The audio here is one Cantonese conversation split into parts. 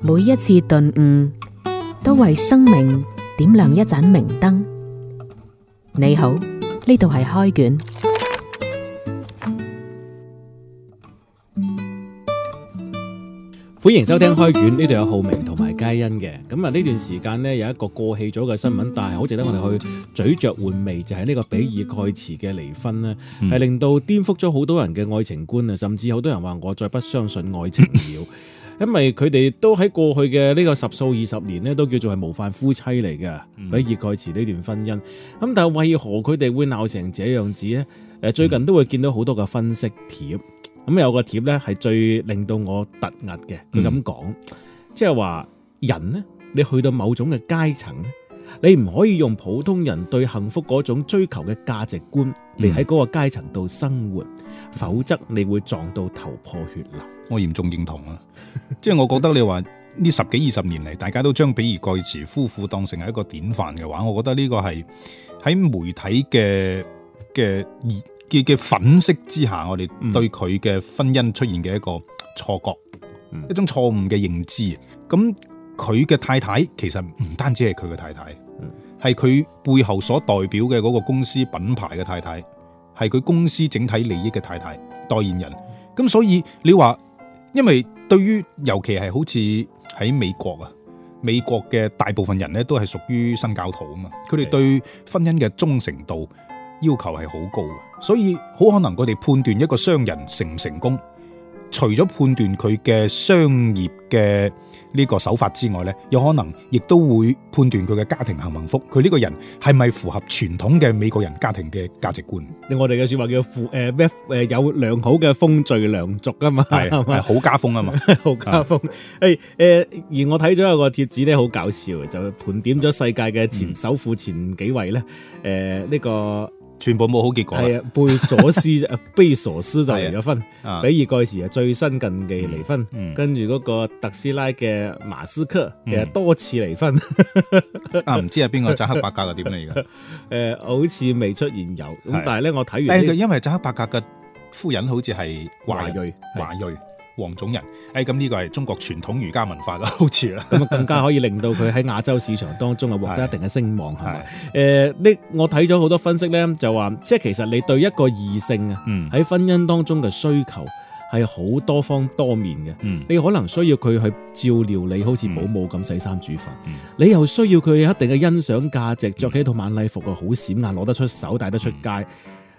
每一次頓悟，都為生命點亮一盞明燈。你好，呢度係開卷，歡迎收聽開卷呢度有浩明同埋佳恩嘅。咁啊，呢段時間呢，有一個過氣咗嘅新聞，但係好值得我哋去咀嚼回味，就係、是、呢個比爾蓋茨嘅離婚呢係、嗯、令到顛覆咗好多人嘅愛情觀啊，甚至好多人話我再不相信愛情了。 因為佢哋都喺過去嘅呢個十數二十年呢都叫做係模範夫妻嚟嘅，比爾、嗯、蓋茨呢段婚姻。咁但係為何佢哋會鬧成這樣子呢？誒最近都會見到好多嘅分析貼，咁、嗯、有個貼呢係最令到我突兀嘅。佢咁講，即係話人呢，你去到某種嘅階層咧，你唔可以用普通人對幸福嗰種追求嘅價值觀嚟喺嗰個階層度生活，嗯、否則你會撞到頭破血流。我嚴重認同啊！即係我覺得你話呢十幾二十年嚟，大家都將比爾蓋茨夫婦當成係一個典範嘅話，我覺得呢個係喺媒體嘅嘅嘅嘅粉飾之下，我哋對佢嘅婚姻出現嘅一個錯覺，嗯、一種錯誤嘅認知。咁佢嘅太太其實唔單止係佢嘅太太，係佢背後所代表嘅嗰個公司品牌嘅太太，係佢公司整體利益嘅太太代言人。咁所以你話？因為對於尤其係好似喺美國啊，美國嘅大部分人咧都係屬於新教徒啊嘛，佢哋對婚姻嘅忠誠度要求係好高嘅，所以好可能佢哋判斷一個商人成唔成功。除咗判斷佢嘅商業嘅呢個手法之外咧，有可能亦都會判斷佢嘅家庭幸唔幸福，佢呢個人係咪符合傳統嘅美國人家庭嘅價值觀？我哋嘅説話叫負誒咩誒有良好嘅風序良俗啊嘛，係好、啊、吧家風啊嘛，好 家風。誒誒、啊欸呃，而我睇咗有個貼子咧，好搞笑，就盤點咗世界嘅前首富前幾位咧。誒呢、嗯呃這個全部冇好結果。係啊，貝佐斯啊，貝 索斯就離咗婚。比爾蓋茨啊，最新近嘅離婚。嗯、跟住嗰個特斯拉嘅馬斯克，其實、嗯、多次離婚。 啊，唔知係邊個扎克伯格嘅點嚟嘅？誒、 呃，好似未出現有。咁、啊、但係咧，我睇完、這個。但係因為扎克伯格嘅夫人好似係華裔，華裔。黃種人，誒、哎，咁呢個係中國傳統儒家文化啦，好似啦，咁啊更加可以令到佢喺亞洲市場當中啊獲得一定嘅聲望，係咪？誒，呢，我睇咗好多分析呢，就話，即係其實你對一個異性啊，喺、嗯、婚姻當中嘅需求係好多方多面嘅，嗯、你可能需要佢去照料你好似保姆咁洗衫煮飯，嗯、你又需要佢有一定嘅欣賞價值，着起一套晚禮服啊，好閃眼攞得出手，帶得出街。嗯嗯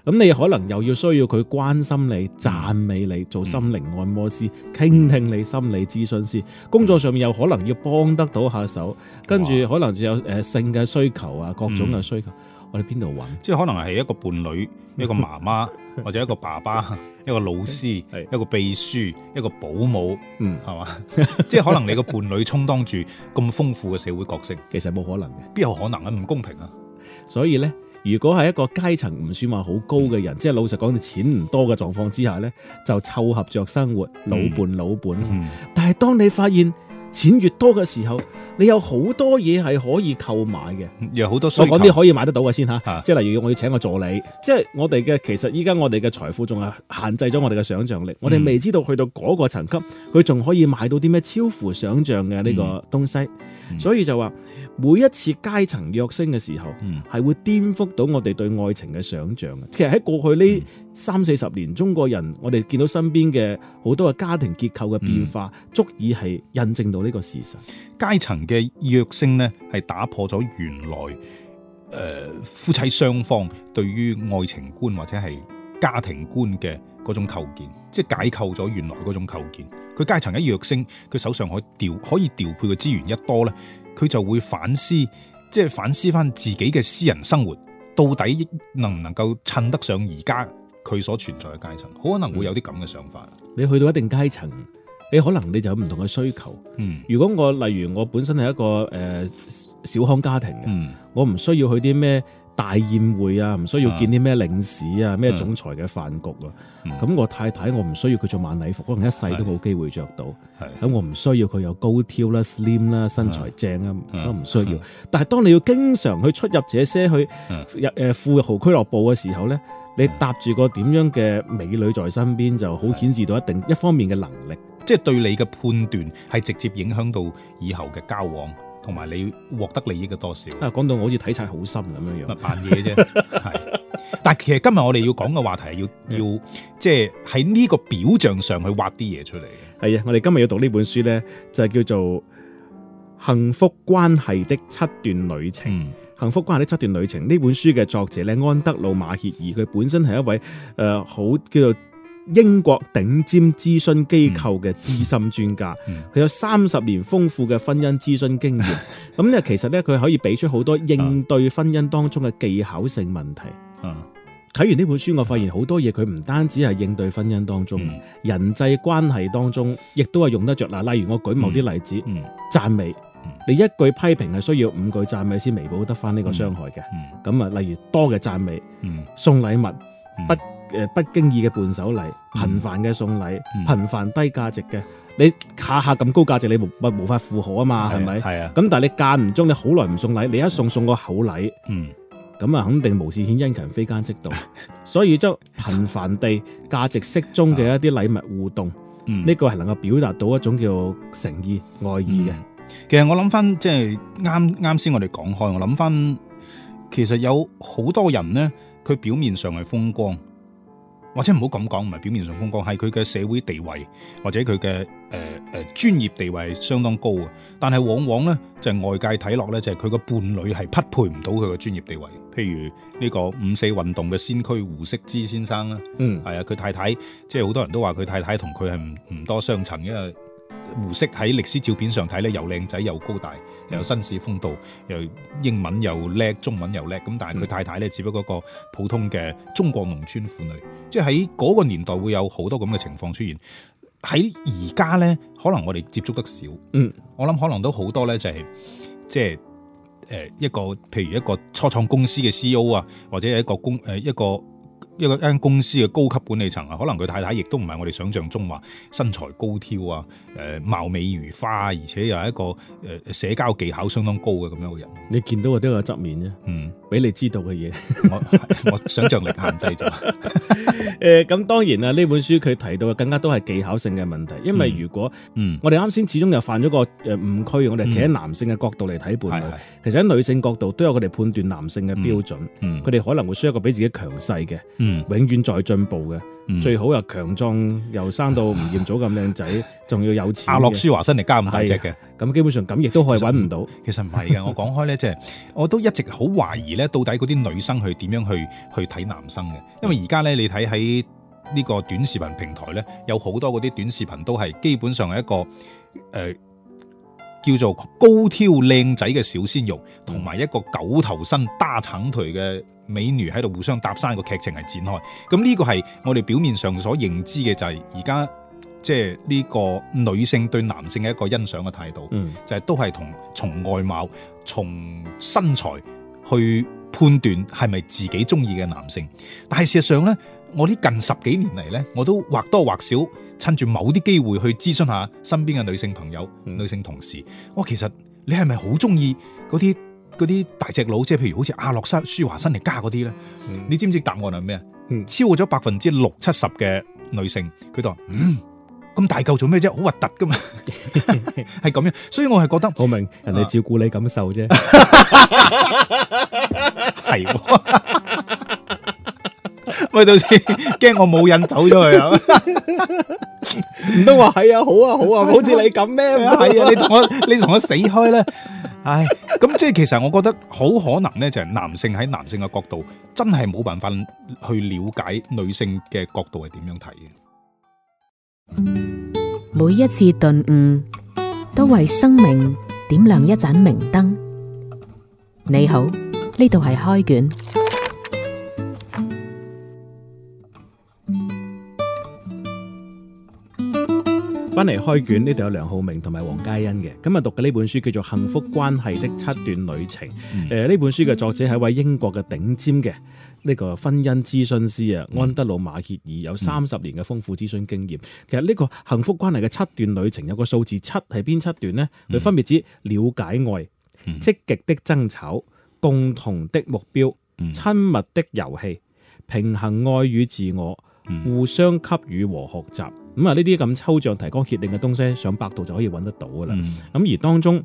咁你可能又要需要佢關心你、讚美你，做心靈按摩師、傾聽你心理諮詢師，工作上面又可能要幫得到下手，跟住可能就有誒性嘅需求啊，各種嘅需求，我哋邊度揾？即係可能係一個伴侶、一個媽媽或者一個爸爸、一個老師、一個秘書、一個保姆，嗯，係嘛？即係可能你個伴侶充當住咁豐富嘅社會角色，其實冇可能嘅，邊有可能啊？唔公平啊！所以呢。如果係一個階層唔算話好高嘅人，嗯、即係老實講，錢唔多嘅狀況之下呢，就湊合着生活，嗯、老伴老伴。嗯、但係當你發現錢越多嘅時候，你有好多嘢係可以購買嘅，有好多。我講啲可以買得到嘅先吓，即、啊、係、啊、例如我要請個助理，即係我哋嘅其實依家我哋嘅財富仲係限制咗我哋嘅想像力，嗯、我哋未知道去到嗰個層級，佢仲可以買到啲咩超乎想像嘅呢個東西，嗯嗯、所以就話。每一次階層躍升嘅時候，係、嗯、會顛覆到我哋對愛情嘅想像嘅。其實喺過去呢三四十年，嗯、中國人我哋見到身邊嘅好多嘅家庭結構嘅變化，嗯、足以係印證到呢個事實。階層嘅躍升呢，係打破咗原來誒、呃、夫妻雙方對於愛情觀或者係家庭觀嘅嗰種構建，即係解構咗原來嗰種構建。佢階層一躍升，佢手上可調可以調配嘅資源一多呢。佢就會反思，即係反思翻自己嘅私人生活，到底能唔能夠襯得上而家佢所存在嘅階層，好可能會有啲咁嘅想法。你去到一定階層，你可能你就有唔同嘅需求。嗯，如果我例如我本身係一個、呃、小康家庭嘅，我唔需要去啲咩。大宴會啊，唔需要見啲咩領事啊，咩、嗯、總裁嘅飯局咯、啊。咁、嗯、我太太我唔需要佢做晚禮服，嗯、我可能一世都冇機會着到。咁、嗯、我唔需要佢有高挑啦、slim 啦、嗯、身材正啊，都唔、嗯、需要。嗯嗯、但係當你要經常去出入這些去入富豪俱樂部嘅時候咧，你搭住個點樣嘅美女在身邊就好顯示到一定一方面嘅能力，即係對你嘅判斷係直接影響到以後嘅交往。同埋你獲得利益嘅多少啊？講到我好似睇晒好深咁樣樣，扮嘢啫。係 但係其實今日我哋要講嘅話題係要是的要即係喺呢個表象上去挖啲嘢出嚟。嘅。係啊，我哋今日要讀呢本書咧，就係、是、叫做《幸福關係的七段旅程》。嗯、幸福關係的七段旅程呢本書嘅作者咧，安德魯馬歇爾，佢本身係一位誒、呃、好叫做。英國頂尖諮詢機構嘅資深專家，佢、嗯嗯、有三十年豐富嘅婚姻諮詢經驗。咁咧、嗯，其實咧，佢可以俾出好多應對婚姻當中嘅技巧性問題。睇、嗯嗯、完呢本書，我發現好多嘢佢唔單止係應對婚姻當中、嗯、人際關係當中，亦都係用得着。嗱，例如我舉某啲例子，嗯嗯、讚美、嗯、你一句批評係需要五句讚美先彌補得翻呢個傷害嘅。咁啊、嗯，嗯、例如多嘅讚美，嗯、送禮物、嗯、不。誒不經意嘅伴手禮，頻繁嘅送禮，嗯嗯、頻繁低價值嘅，你下下咁高價值，你無冇法負荷啊嘛，係咪？係啊。咁吧、啊、但係你間唔中，你好耐唔送禮，你一送、嗯、送個厚禮，嗯，咁啊肯定無事獻殷勤，非奸即盜，嗯、所以都頻繁地、啊、價值適中嘅一啲禮物互動，呢、嗯、個係能夠表達到一種叫做誠意愛意嘅、嗯。其實我諗翻即係啱啱先我哋講開，我諗翻其實有好多人呢，佢表面上係風光。或者唔好咁講，唔係表面上講，係佢嘅社會地位或者佢嘅誒誒專業地位相當高嘅。但係往往咧，就係外界睇落咧，就係佢嘅伴侶係匹配唔到佢嘅專業地位。譬如呢個五四運動嘅先驅胡適之先生啦，嗯，係啊，佢太太即係好多人都話佢太太同佢係唔唔多相襯嘅。因為胡適喺歷史照片上睇咧，又靚仔又高大，又有紳士風度，又英文又叻，中文又叻。咁但係佢太太咧，只不過個普通嘅中國農村婦女。即係喺嗰個年代會有好多咁嘅情況出現。喺而家咧，可能我哋接觸得少。嗯，我諗可能都好多咧，就是，就係即係誒一個，譬如一個初創公司嘅 CEO 啊，或者係一個公誒、呃、一個。一個間公司嘅高級管理層啊，可能佢太太亦都唔係我哋想象中話身材高挑啊，誒貌美如花，而且又係一個誒社交技巧相當高嘅咁樣嘅人。你見到嘅都有側面啫，嗯，俾你知道嘅嘢，我 我想象力限制咗。誒、 呃，咁當然啦，呢本書佢提到嘅更加都係技巧性嘅問題，因為如果、嗯嗯、我哋啱先始終又犯咗個誒誤區，我哋企喺男性嘅角度嚟睇伴侶，其實喺女性角度都有佢哋判斷男性嘅標準，佢哋、嗯嗯、可能會需要一個比自己強勢嘅。嗯嗯、永遠在進步嘅，嗯、最好又強壯又生到吳彥祖咁靚仔，仲、啊、要有錢。阿諾舒華辛力加咁大隻嘅，咁基本上咁亦都可以揾唔到其。其實唔係嘅，我講開咧，即係 我都一直好懷疑咧，到底嗰啲女生去點樣去去睇男生嘅？因為而家咧，你睇喺呢個短視頻平台咧，有好多嗰啲短視頻都係基本上係一個誒。呃叫做高挑靚仔嘅小鮮肉，同埋一個九頭身、大長腿嘅美女喺度互相搭訕，個劇情係展開。咁呢個係我哋表面上所認知嘅，就係而家即係呢個女性對男性嘅一個欣賞嘅態度，嗯、就係都係同從外貌、從身材去判斷係咪自己中意嘅男性。但係事實上咧。我呢近十幾年嚟咧，我都或多或少趁住某啲機會去諮詢下身邊嘅女性朋友、嗯、女性同事。我其實你係咪好中意嗰啲啲大隻佬？即係譬如好似阿洛莎、舒華辛力加嗰啲咧？嗯、你知唔知答案係咩啊？嗯、超過咗百分之六七十嘅女性，佢話：嗯，咁大嚿做咩啫？好核突噶嘛？係咁 樣，所以我係覺得好明人哋照顧你感受啫。係喎。喂，到時驚我冇癮走咗去啊！唔通話係啊，好啊，好啊，好似你咁咩？唔係啊，你同我，你同我死開啦！唉，咁即係其實我覺得好可能咧，就係男性喺男性嘅角度，真係冇辦法去了解女性嘅角度係點樣睇嘅。每一次頓悟，都為生命點亮一盞明燈。你好，呢度係開卷。翻嚟開卷呢度有梁浩明同埋王佳欣嘅，今日讀嘅呢本書叫做《幸福關係的七段旅程》。誒、嗯，呢本書嘅作者係一位英國嘅頂尖嘅呢、這個婚姻諮詢師啊，嗯、安德魯馬歇爾有三十年嘅豐富諮詢經驗。嗯、其實呢個幸福關係嘅七段旅程有個數字七，係邊七段呢？佢分別指了解愛、積極、嗯、的爭吵、共同的目標、親、嗯、密的遊戲、平衡愛與自我。互相給予和學習，咁啊呢啲咁抽象、提高協定嘅東西，上百度就可以揾得到㗎喇。咁、嗯、而當中，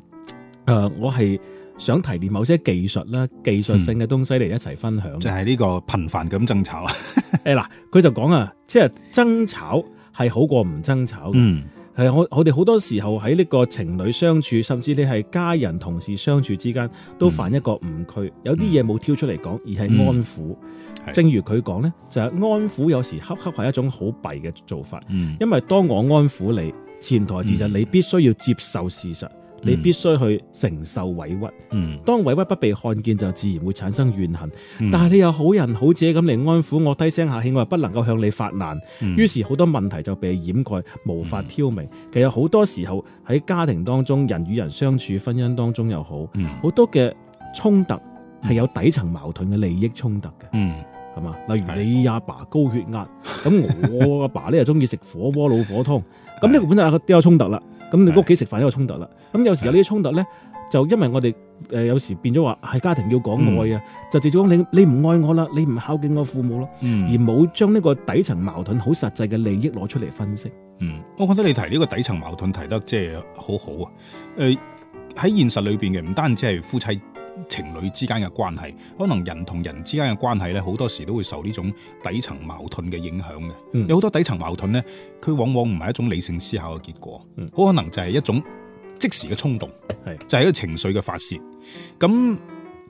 呃、我係想提煉某些技術啦、技術性嘅東西嚟一齊分享，嗯、就係、是、呢個頻繁咁爭吵。誒 嗱，佢就講啊，即係爭吵係好過唔爭吵。嗯係，我我哋好多時候喺呢個情侶相處，甚至你係家人、同事相處之間，都犯一個誤區。嗯、有啲嘢冇挑出嚟講，嗯、而係安撫。嗯、正如佢講呢，就係、是、安撫有時恰恰係一種好弊嘅做法。嗯、因為當我安撫你，潛台詞就、嗯、你必須要接受事實。你必須去承受委屈，嗯、當委屈不被看見，就自然會產生怨恨。嗯、但係你有好人好姐咁嚟安撫我，低聲下氣我不能夠向你發難，嗯、於是好多問題就被掩蓋，無法挑明。嗯、其實好多時候喺家庭當中，人與人相處，婚姻當中又好，嗯、好多嘅衝突係有底層矛盾嘅利益衝突嘅，嗯、係嘛？例如你阿爸，爸高血壓，咁我阿爸呢，又中意食火鍋老火湯。 咁呢個本身都有衝突啦，咁你屋企食飯都有衝突啦。咁有，是的 有時候有啲衝突咧，就因為我哋有時變咗話係家庭要講愛啊，嗯、就變咗你你唔愛我啦，你唔孝敬我父母咯，嗯、而冇將呢個底層矛盾好實際嘅利益攞出嚟分析。嗯，我覺得你提呢個底層矛盾提得即係好好啊。喺、呃、現實裏面嘅唔單止係夫妻。情侶之間嘅關係，可能人同人之間嘅關係咧，好多時都會受呢種底層矛盾嘅影響嘅。嗯、有好多底層矛盾咧，佢往往唔係一種理性思考嘅結果，好、嗯、可能就係一種即時嘅衝動，是的 就係一個情緒嘅發洩。咁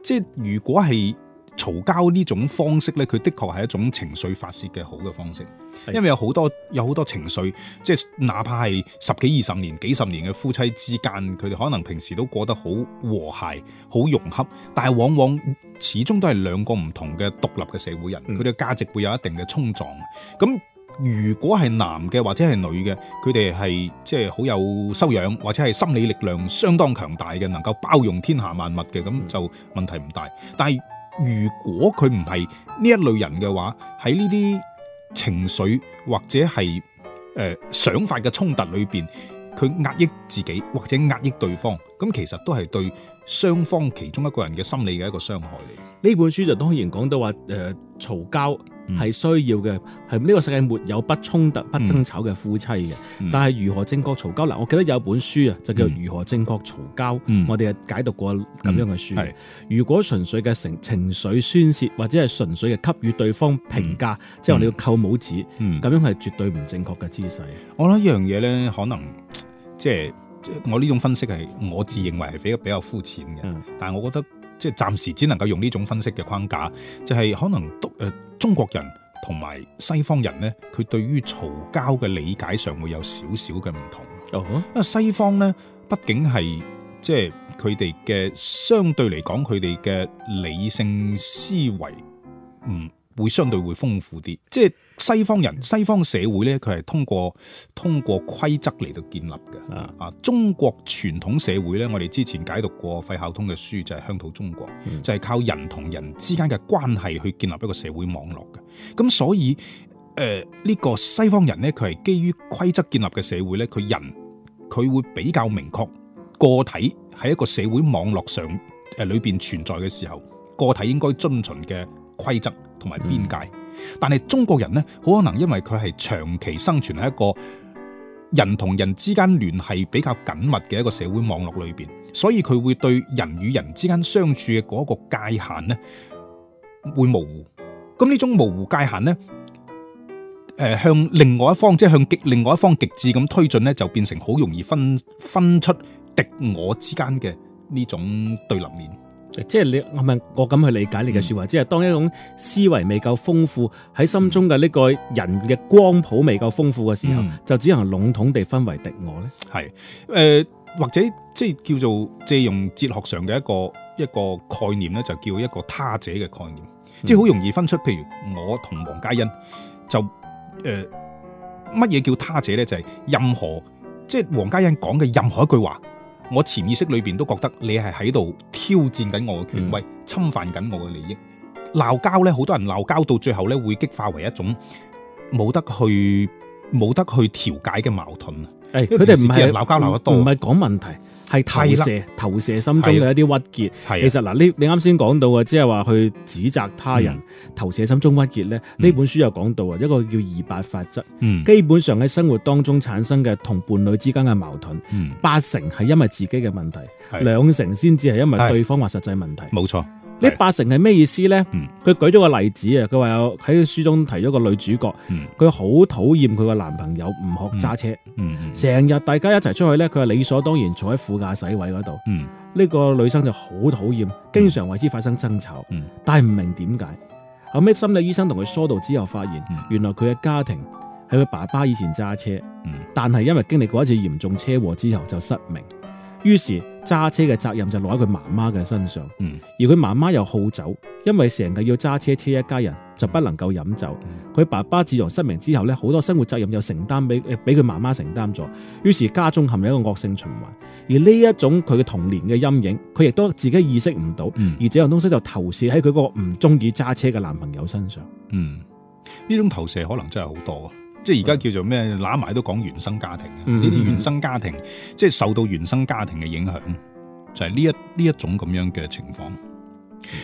即係如果係。嘈交呢種方式呢，佢的確係一種情緒發洩嘅好嘅方式，因為有好多有好多情緒，即係哪怕係十幾二十年、幾十年嘅夫妻之間，佢哋可能平時都過得好和諧、好融洽，但係往往始終都係兩個唔同嘅獨立嘅社會人，佢哋嘅價值會有一定嘅衝撞。咁如果係男嘅或者係女嘅，佢哋係即係好有修養或者係心理力量相當強大嘅，能夠包容天下萬物嘅，咁就問題唔大。但係，如果佢唔係呢一類人嘅話，喺呢啲情緒或者係誒、呃、想法嘅衝突裏邊，佢壓抑自己或者壓抑對方，咁其實都係對雙方其中一個人嘅心理嘅一個傷害嚟。呢本書就當然講到話誒嘈交，呃係需要嘅，係呢個世界沒有不衝突、不爭吵嘅夫妻嘅。嗯嗯、但係如何正確嘈交？嗱、啊，我記得有一本書啊，就叫《如何正確嘈交》嗯。嗯、我哋解讀過咁樣嘅書。嗯、如果純粹嘅情情緒宣泄，或者係純粹嘅給予對方評價，即係話你要扣帽子咁、嗯嗯、樣係絕對唔正確嘅姿勢。我諗呢樣嘢呢，可能即係、就是、我呢種分析係我自認為係比較比較膚淺嘅，嗯、但係我覺得。即係暫時只能夠用呢種分析嘅框架，就係可能都誒中國人同埋西方人咧，佢對於嘈交嘅理解上會有少少嘅唔同。哦，uh-huh，因為西方咧，畢竟係即係佢哋嘅相對嚟講，佢哋嘅理性思維嗯會相對會豐富啲，即係。西方人、西方社會咧，佢係通過通過規則嚟到建立嘅。啊，啊，中國傳統社會咧，我哋之前解讀過費孝通嘅書就係、是《鄉土中國》，嗯、就係靠人同人之間嘅關係去建立一個社會網絡嘅。咁所以，誒、呃、呢、這個西方人咧，佢係基於規則建立嘅社會咧，佢人佢會比較明確個體喺一個社會網絡上誒裏邊存在嘅時候，個體應該遵循嘅規則同埋邊界。嗯但係中國人呢，好可能因為佢係長期生存喺一個人同人之間聯繫比較緊密嘅一個社會網絡裏邊，所以佢會對人與人之間相處嘅嗰一個界限呢會模糊。咁呢種模糊界限呢，誒、呃、向另外一方，即係向另外一方極致咁推進呢，就變成好容易分分出敵我之間嘅呢種對立面。即係你，是是我咪我咁去理解你嘅說話，嗯、即係當一種思維未夠豐富，喺心中嘅呢個人嘅光譜未夠豐富嘅時候，嗯、就只能籠統地分為敵我咧。係誒、呃，或者即係叫做借用哲學上嘅一個一個概念咧，就叫一個他者嘅概念，嗯、即係好容易分出，譬如我同黃嘉欣就誒，乜、呃、嘢叫他者咧？就係、是、任何即係黃嘉欣講嘅任何一句話。我潛意識裏邊都覺得你係喺度挑戰緊我嘅權威，侵犯緊我嘅利益。鬧交呢，好多人鬧交到最後呢，會激化為一種冇得去冇得去調解嘅矛盾。誒、欸，佢哋唔係鬧交鬧得多，唔係講問題。係投射，的投射心中嘅一啲鬱結。的其實嗱，你你啱先講到啊，即係話去指責他人，嗯、投射心中鬱結呢。呢、嗯、本書又講到啊，一個叫二八法則。嗯、基本上喺生活當中產生嘅同伴侶之間嘅矛盾，嗯、八成係因為自己嘅問題，兩的成先至係因為對方或實際問題。冇錯。呢八成係咩意思呢？佢、嗯、舉咗個例子啊，佢話有喺書中提咗個女主角，佢好、嗯、討厭佢個男朋友唔學揸車，成、嗯嗯嗯、日大家一齊出去呢，佢係理所當然坐喺副駕駛位嗰度。呢、嗯、個女生就好討厭，經常為之發生爭吵，嗯、但係唔明點解。後尾心理醫生同佢疏導之後，發現、嗯、原來佢嘅家庭係佢爸爸以前揸車，嗯、但係因為經歷過一次嚴重車禍之後就失明。於是揸車嘅責任就落喺佢媽媽嘅身上，嗯、而佢媽媽又好酒，因為成日要揸車車一家人就不能夠飲酒。佢、嗯、爸爸自從失明之後咧，好多生活責任又承擔俾俾佢媽媽承擔咗。於是家中陷入一個惡性循環，而呢一種佢嘅童年嘅陰影，佢亦都自己意識唔到，嗯、而呢樣東西就投射喺佢個唔中意揸車嘅男朋友身上。嗯，呢種投射可能真係好多啊。即係而家叫做咩？攬埋都講原生家庭，呢啲，原生家庭即係受到原生家庭嘅影響，就係、是、呢一呢一種咁樣嘅情況。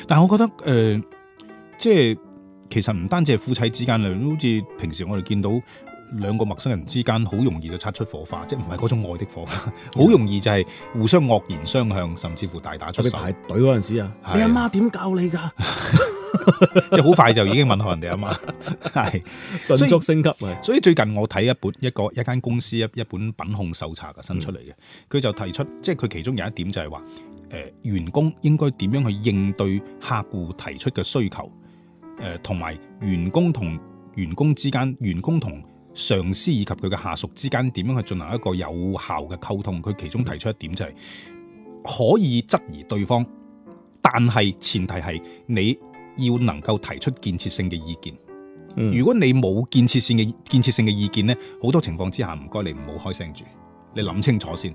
但係我覺得誒、呃，即係其實唔單止係夫妻之間，好似平時我哋見到兩個陌生人之間，好容易就擦出火花，即係唔係嗰種愛的火花，好的容易就係互相惡言相向，甚至乎大打出手。你排隊嗰陣時啊，是的你阿媽點教你噶？ 即係好快就已經問候人哋啊嘛，係迅速升級。所以最近我睇一本一個一間公司一一本品控搜查嘅新出嚟嘅，佢就提出，即係佢其中有一點就係話，誒，員工應該點樣去應對客戶提出嘅需求，呃，誒，同埋員工同員工之間，員工同上司以及佢嘅下屬之間，點樣去進行一個有效嘅溝通。佢其中提出一點就係可以質疑對方，但係前提係你。要能夠提出建設性嘅意見，嗯、如果你冇建設性嘅建設性嘅意見咧，好多情況之下唔該你唔好開聲住，你諗清楚先，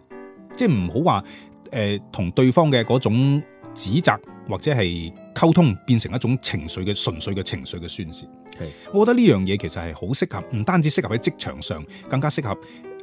即係唔好話誒同對方嘅嗰種指責或者係溝通變成一種情緒嘅純粹嘅情緒嘅宣洩。係，是的 我覺得呢樣嘢其實係好適合，唔單止適合喺職場上，更加適合。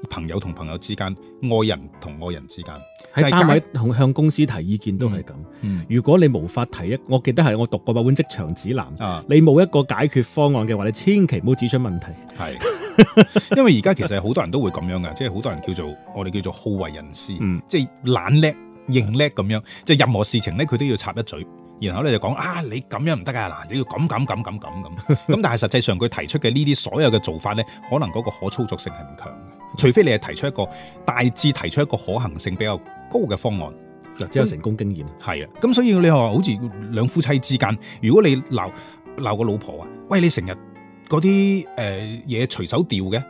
朋友同朋友之間，愛人同愛人之間，喺單位同向公司提意見都係咁。嗯嗯、如果你無法提一，我記得係我讀過某本職場指南，啊、你冇一個解決方案嘅話，你千祈唔好指出問題。係是， 因為而家其實好多人都會咁樣噶，即係好多人叫做我哋叫做好為人師，嗯、即係懶叻、認叻咁樣，即係任何事情咧佢都要插一嘴，然後咧就講啊，你咁樣唔得啊嗱，你要咁咁咁咁咁咁，咁但係實際上佢提出嘅呢啲所有嘅做法咧，可能嗰個可操作性係唔強的。除非你係提出一個大致提出一個可行性比較高嘅方案，就只有成功經驗。係啊，咁所以你話好似兩夫妻之間，如果你鬧鬧個老婆啊，喂，你成日嗰啲誒嘢隨手掉嘅，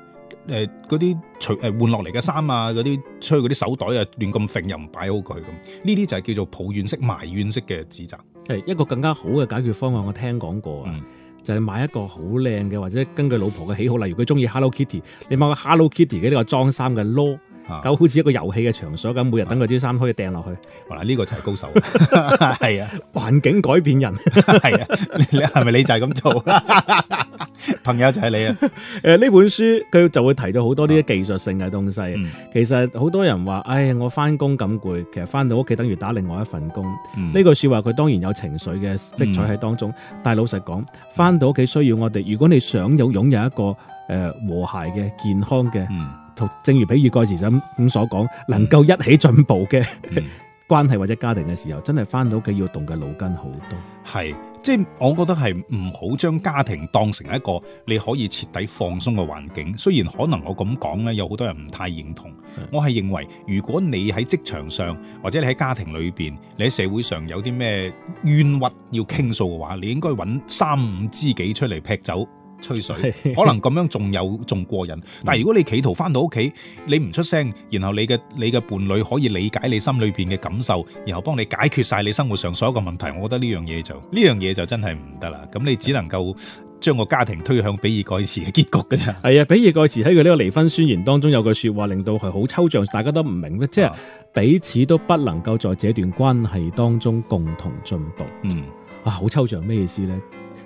誒嗰啲隨誒換落嚟嘅衫啊，嗰啲出去嗰啲手袋啊，亂咁揈又唔擺好佢咁，呢啲就係叫做抱怨式埋怨式嘅指責。係一個更加好嘅解決方案，我聽講過啊。嗯就係買一個好靚嘅，或者根據老婆嘅喜好，例如佢中意 Hello Kitty，你買個 Hello Kitty 嘅呢個裝衫嘅籮，就好似一個遊戲嘅場所咁，每日等佢啲衫可以掟落去。嗱、啊，呢、這個就係高手，係啊，環境改變人，係啊，你係咪你就係咁做？ 朋友就係你啊！誒、 呃，呢本書佢就會提到好多啲技術性嘅東西。啊嗯、其實好多人話，哎我翻工咁攰，其實翻到屋企等於打另外一份工。呢、嗯、句說話佢當然有情緒嘅色彩喺當中，嗯、但係老實講，翻到屋企需要我哋。如果你想擁擁有一個誒、呃、和諧嘅、健康嘅，嗯、正如比爾蓋茨就咁咁所講，能夠一起進步嘅、嗯、關係或者家庭嘅時候，真係翻到屋企要動嘅腦筋好多。係。即係我覺得係唔好將家庭當成一個你可以徹底放鬆嘅環境。雖然可能我咁講咧，有好多人唔太認同。我係認為，如果你喺職場上，或者你喺家庭裏面，你喺社會上有啲咩冤屈要傾訴嘅話，你應該揾三五知己出嚟劈酒。吹水，可能咁樣仲有仲過癮。 但係如果你企圖翻到屋企，你唔出聲，然後你嘅你嘅伴侶可以理解你心裏邊嘅感受，然後幫你解決晒你生活上所有嘅問題，我覺得呢樣嘢就呢樣嘢就真係唔得啦。咁你只能夠將個家庭推向比爾蓋茨嘅結局嘅啫。係啊，比爾蓋茨喺佢呢個離婚宣言當中有句說話，令到佢好抽象，大家都唔明咧，即係彼此都不能夠在這段關係當中共同進步。嗯，啊，好抽象，咩意思呢？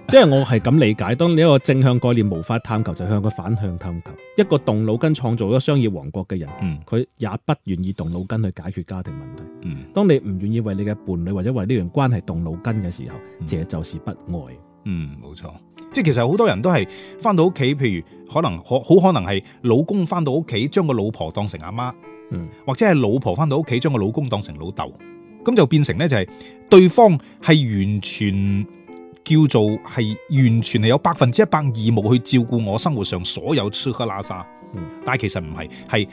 即係 我係咁理解，當你一個正向概念無法探求，就是、向個反向探求。一個動腦筋創造咗商業王國嘅人，佢、嗯、也不願意動腦筋去解決家庭問題。嗯，當你唔願意為你嘅伴侶或者為呢樣關係動腦筋嘅時候，這是就是不愛。嗯，冇錯。即係其實好多人都係翻到屋企，譬如可能可好可能係老公翻到屋企將個老婆當成阿媽，嗯、或者係老婆翻到屋企將個老公當成老豆，咁就變成咧就係對方係完全。叫做係完全係有百分之一百義務去照顧我生活上所有「吃喝拉撒」，但係其實唔係，係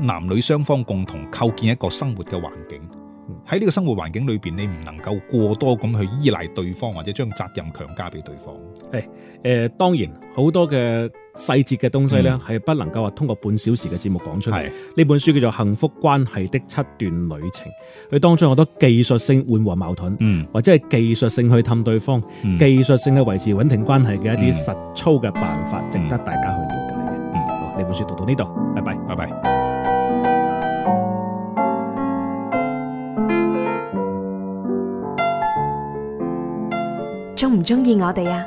男女雙方共同構建一個生活嘅環境。喺呢個生活環境裏邊，你唔能夠過多咁去依賴對方，或者將責任強加俾對方。誒，誒、呃，當然好多嘅細節嘅東西咧，係、嗯、不能夠話通過半小時嘅節目講出嚟。呢是本書叫做《幸福關係的七段旅程》，佢當中有好多技術性緩和矛盾，嗯、或者係技術性去氹對方，嗯、技術性去維持穩定關係嘅一啲實操嘅辦法，嗯、值得大家去了解嘅。嗯，好，呢本書讀到呢度，拜拜，拜拜。鍾唔鍾意我哋呀？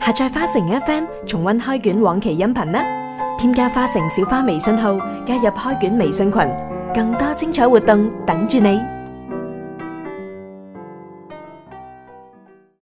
下載花城 FM 重溫開卷往期音頻啦！添加花城小花微信號，加入開卷微信群，更多精彩活動等住你。